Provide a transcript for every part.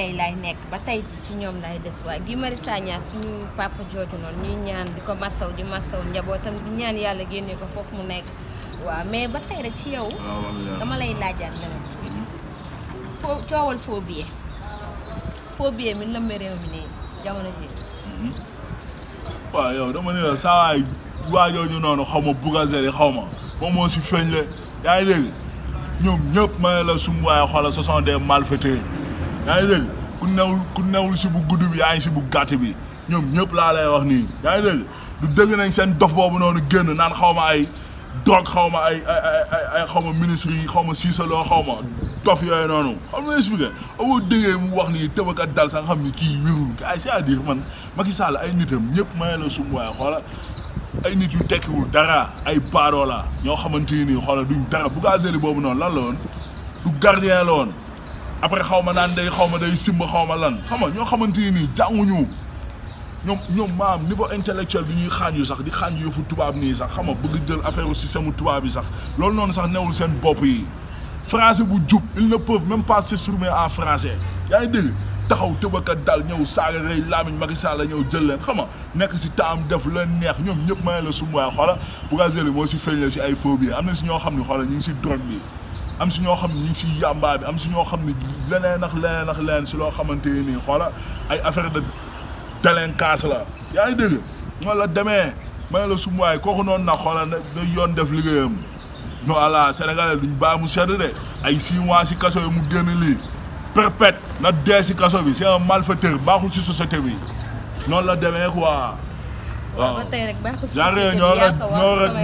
terrain yi nekk ba tey ci ñoom lay des waaye Guy Marius Sagna suñu papa jooju noonu ñuy ñaan di ko massaw di massaw njabootam di ñaan yàlla génne ko foofu mu nekk waaw mais ba tey rek ci yow dama lay laajaat mhm. mi lëmbe réew mi mhm. ne la saawaay waa jooju noonu xaw ma bugazel yi xaw ma moom moo si feeñ le yaa dégg ñoom ñëpp ma ne la sum waaye xoola ce yaa ngi dégg ku newul ku newul si bu gudd bi yaa ngi si bu gàtt bi ñoom ñëpp laa lay wax nii yaa ngi dégg du dégg nañ seen dof boobu noonu génn naan xaw ma ay drogue xaw ma ay ay xaw ma ministre yi xaw ma siisaloo xaw ma dof yooy noonu xam nga expliqué amoo déggee mu wax nii tëbakat dal sax xam ni kii wérul ay c'est-à-dire man Macky Sall ay nitam ñëpp may la sum waaye xoola ay nit yu tekkiwul dara ay baadoo la ñoo xamante ni xoolal du dara bu gazeli boobu noonu lan la woon du gardien la woon après xaw ma naan day xaw ma day simb xaw ma lan xam nga ñoo xamante ni nii jànguñu ñoom ñoom maam niveau intellectuel bi ñuy xaañ sax di xaañ fu tubaab nii sax xam nga bëgg jël affaire système tubaab yi sax loolu noonu sax newul seen bopp yi français bu jub ils ne peuvent même pas s'exprimer en français yaa ngi dégg taxaw tëbakat dal ñëw saaga rey Lamine Macky Sall la ñëw jël leen xam nga nekk si taam def leen neex ñoom ñëpp may la sumwaay xoola bu gazeli moo si feeñ la si ay si ñoo xam ne xoola ñu ngi si drogue bi am si ñoo xam ne ñu ngi si yàmbaa bi am si xam ne leneen ak leneen ak leneen si loo xamante nii xoola ay affaire de délinquance la yaa ngi dégg noonu la demee may la su kooku noonu na xoola na yoon def liggéeyam non voilà sénégalais duñ bàyyi mu sedd de ay six mois si kaso yi mu génn lii perpète na dee si kaso bi c'est un malfaiteur baaxul si société bi noonu la demee quoi. waaw ba tey rek baaxul si société ñoo war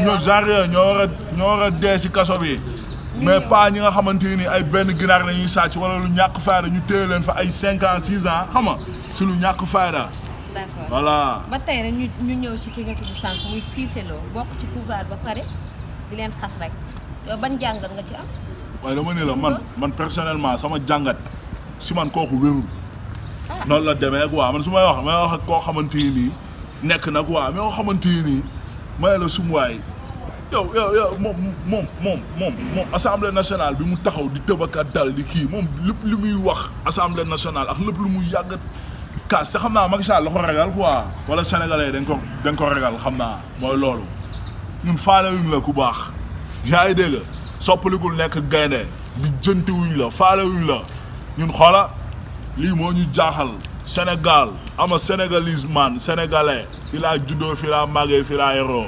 ñoo war ñoo war dee si kaso bi. mais pas ñi nga xamante ni ay benn ginaar la ñuy sàcc wala lu ñàkk fayda ñu téye leen fa ay cinq ans six ans xam si lu ñàkk fayda. d'accord voilà. ba tey rek ñu ñu ñëw ci ki nga tudd sànq muy Cissé Lo bokk ci pouvoir ba pare di leen xas rek yow ban jàngat nga ci am. waaye dama ne la man man personnellement sama jàngat si man kooku wérul. Ah. noonu la demee quoi man su may wax may wax koo xamante ni nekk na quoi mais koo xamante ni may la sum yow yow yow moom moom moom moom moom assemblée nationale bi mu taxaw di a dal di kii moom lépp li muy wax assemblée nationale ak lépp lu muy yàgg kaas te xam naa Macky Sall la ko ragal wala sénégalais dañ ko dañ ko ragal xam naa mooy loolu ñun faale wuñ la ku baax yaa ngi dégg soppalikul nekk gaynde di jënti wuñ la faale wuñ la ñun xoola lii moo ñu jaaxal Sénégal ama sénégalisme man sénégalais fi laa juddoo fi laa màggee fi laa yoroo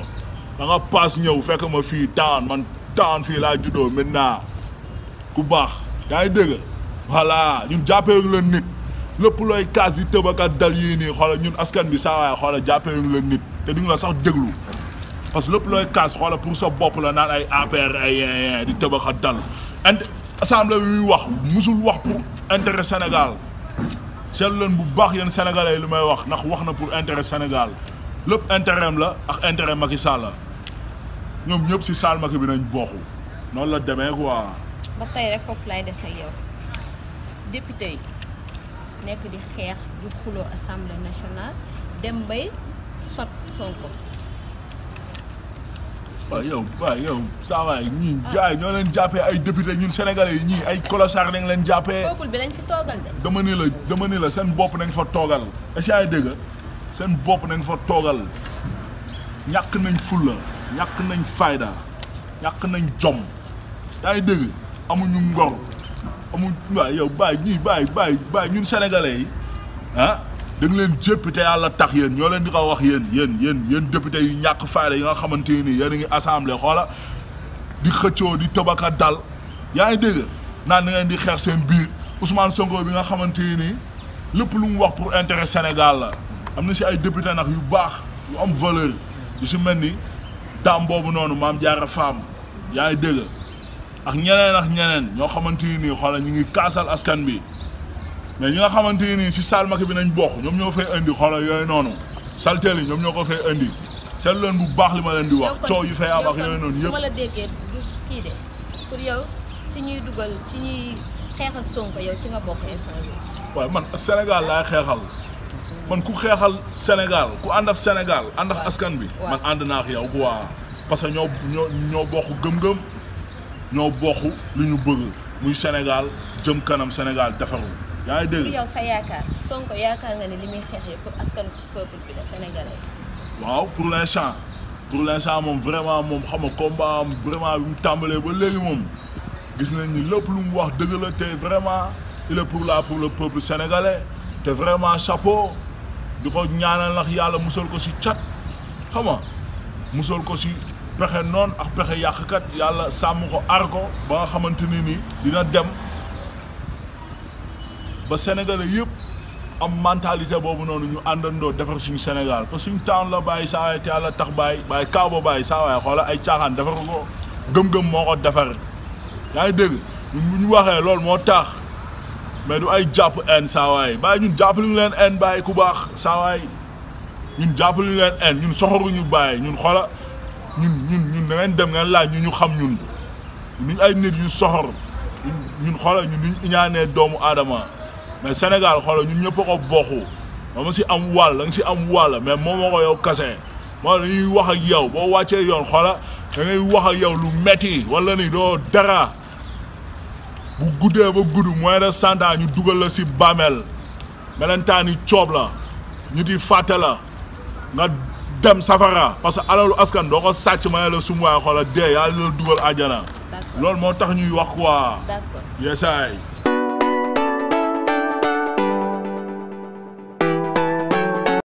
da nga paas ñëw fekk ma fii taan man taan fii laa juddoo maintenant ku baax yaa ngi dégg voilà ñun jàppee la nit lépp looy kaas yi tëbakat dal yii nii xoola ñun askan bi saa waay xoola jàppee la nit te duñu la sax déglu parce que lépp looy kaas xoola pour sa bopp la naan ay APR di tëbakat dal int assemblée bi muy wax musul wax pour intérêt Sénégal seet leen bu baax yéen sénégalais li may wax ndax wax na pour intérêt Sénégal lépp intérêt la ak intérêt Macky Sall ñoom ñëpp ci saal bi nañ bokku noonu la demee quoi. ba tey rek foofu lay des ak député yi nekk di xeex di xuloo assemblée nationale dem bay sot Sonko. waaw yow waaw yow saa waay ñii jaay ñoo leen jàppee ay député ñun sénégalais yi ñii ay colossar nañ leen jàppee. peuple bi lañ fi toogal de. dama ni la dama ni la seen bopp nañ fa toogal de ce que yaay seen bopp nañ fa toogal ñàkk nañ fulla ñàkk nañ fayda ñàkk nañ jom yaa ngi dégg amuñu ngor amuñ waaye yow bàyyi ñii bàyyi bàyyi bàyyi ñun sénégalais yi ah da leen jëpp te yàlla tax yéen ñoo leen di ko wax yéen yéen yéen yéen député yu ñàkk fayda yi nga xamante ni yéen a ngi assemblée xoola di xëccoo di tobaka dal yaa ngi dégg naan na ngeen di xeex seen biir Ousmane Sonko bi nga xamante ni lépp lu wax pour intérêt Sénégal la am na si ay député nag yu baax yu am valeur yu si mel ni tam boobu noonu maam jaara faam yaa ngi dégg ak ñeneen ak ñeneen ñoo xamante ni nii xoolal ñu ngi kaasal askan bi mais ñi nga xamante ni nii si salmak bi nañ bokk ñoom ñoo fay indi xoolal yooyu noonu salteel yi ñoom ñoo ko fay indi seetlu leen bu baax li ma leen di wax coow yu fay am ak yooyu noonu yëpp la déggee kii de pour yow si ñuy dugal si ñuy Sonko yow ci nga bokk waaye man Sénégal laay xeexal man ku xeexal Sénégal ku ànd ak Sénégal ànd askan bi man ànd naa ak yow quoi parce que ñoo ñoo bokk gëm-gëm ñoo bokk li ñu bëgg muy Sénégal jëm kanam Sénégal defaru yaa ngi dégg yow sa yaakaar Sonko yaakaar nga ne li muy xeexee pour askan su bi la sénégalais waaw pour l'instant pour l'instant moom vraiment moom xam nga combat am vraiment bi mu tàmbalee ba léegi moom gis nañ ni lépp lu mu wax dëgg te vraiment il est pour là pour le te vraiment chapeau di ko ñaanal ndax yàlla musal ko si cat xam nga musal ko si pexe noonu ak pexe yàq kat yàlla sàmm ko aar ko ba nga xamante ni nii dina dem ba sénégalais yëpp am mentalité boobu noonu ñu àndandoo defar suñu Sénégal parce que suñu taan la bàyyi saa te yàlla tax bàyyi bàyyi kaaw ba bàyyi saa waay xoola ay caaxaan defar ko gëm-gëm moo ko defar yaa ngi dégg waxee loolu moo tax. mais du ay jàpp en saawaay bàyyi ñun jàppaluñu leen en bàyyi ku baax saawaay ñun jàppaluñu leen en ñun soxoruñu bàyyi ñun xoola ñun ñun ñun da ngeen dem ngeen laa ñu ñu xam ñun ñun ay nit yu soxor ñun xoola ñun ñu iñaanee doomu aadama mais Sénégal xoola ñun ñëpp a ko bokku dama si am wal da si am wàll mais moom moo ko yow kase moo dañuy wax ak yow boo wàccee yoon xoola da ngay wax ak yow lu metti wala ni doo dara bu guddee ba gudd moins de cent ans dugal la si melentaan yi coob la ñu di fàtte la nga dem safara parce que alalu askan doo ko sàcc ma ne la sum waay xoola dee yàlla la dugal àjjana loolu moo tax ñuy wax quoi yesaay